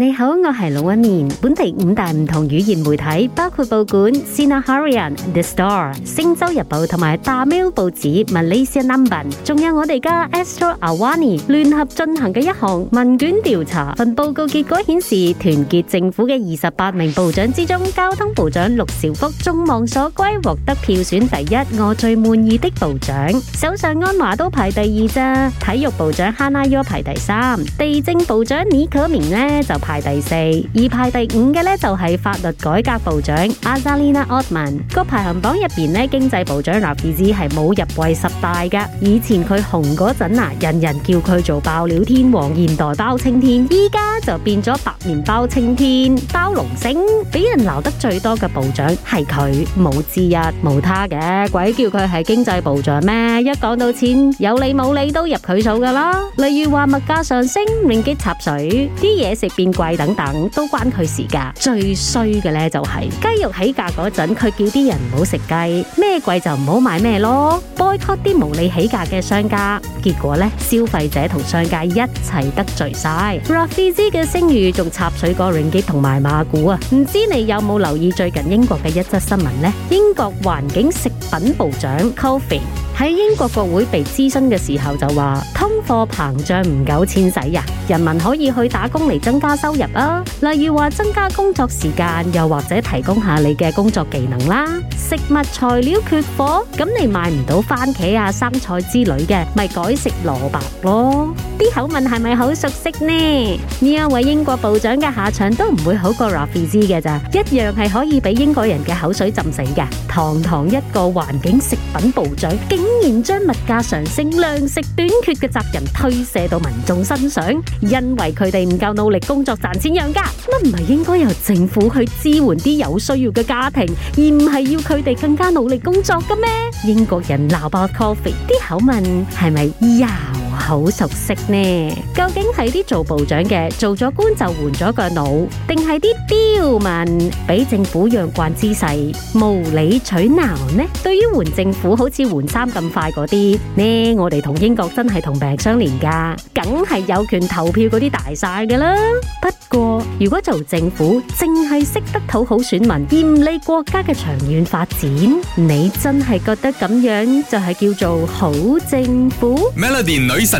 你好，我係老一年。本地五大唔同語言媒體，包括報館《Sinar Harian》、《The Star》、《星洲日報》同埋《淡米爾報紙》、《Malaysia Nanban》，仲有我哋家《Astro Awani》聯合進行嘅一項問卷調查。份報告結果顯示，團結政府嘅二十八名部長之中，交通部長陸兆福眾望所歸，獲得票選第一，我最滿意的部長。首相安華都排第二啫，體育部長 Hannah Yeoh 排第三，地政部長倪可敏呢就排第四，而排第五嘅呢，就係、是、法律改革部長阿莎莉娜奧文。個排行榜入邊呢，經濟部長拉菲茲係冇入位十大嘅。以前佢紅嗰陣啊，人人叫佢做爆料天王、現代包青天，依家就變咗白面包青天、包龍星，俾人鬧得最多嘅部長係佢，冇之一、冇他嘅。鬼叫佢係經濟部長咩？一講到錢，有理冇理都入佢數噶啦。例如話物價上升，令吉插水啲嘢食變。貴等等都關佢事噶，最衰嘅咧就係、是、雞肉起價嗰陣，佢叫啲人唔好食雞，咩貴就唔好買咩咯，boycott 啲無理起價嘅商家。結果消費者同商界一齊得罪晒，Rafizi 嘅聲譽仲插水過令吉同埋馬股啊！唔知你有冇留意最近英國嘅一則新聞呢？英國環境食品部長 Coffey 喺英國國會被諮詢嘅時候就話：通貨膨脹唔夠錢使啊。人民可以去打工嚟增加收入啊，例如話增加工作時間，又或者提供下你嘅工作技能啦。食物材料缺貨，咁你買唔到番茄啊、生菜之類嘅，咪改食蘿蔔咯。啲口吻係咪好熟悉呢？呢一位英國部長嘅下場都唔會好過拉菲茲嘅咋，一樣係可以俾英國人嘅口水浸死嘅。堂堂一個環境食品部長，竟然將物價上升，糧食短缺嘅責任推卸到民眾身上，因為佢哋唔夠努力工作賺錢養家。乜唔係應該由政府去支援啲有需要嘅家庭，而唔係要佢哋更加努力工作㗎咩？英國人鬧爆 Coffee 啲口吻係咪呀？好熟悉呢？究竟係啲做部長嘅做咗官就換咗個腦，定係啲刁民俾政府養慣之勢無理取鬧呢？對於換政府好似換衫咁快嗰啲呢，我哋同英國真係同病相憐噶，梗係有權投票嗰啲大晒噶啦。不過如果做政府淨係識得討好選民，唔理國家嘅長遠發展，你真係覺得咁樣就係叫做好政府？Melody 女神